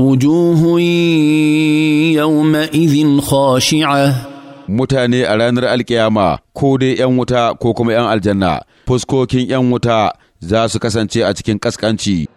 وجوه يومئذ خاشعه mutane a ranar alkiyama ko dai 'yan wuta ko kuma 'yan aljanna fuskokin 'yan wuta za su kasance a cikin kaskanci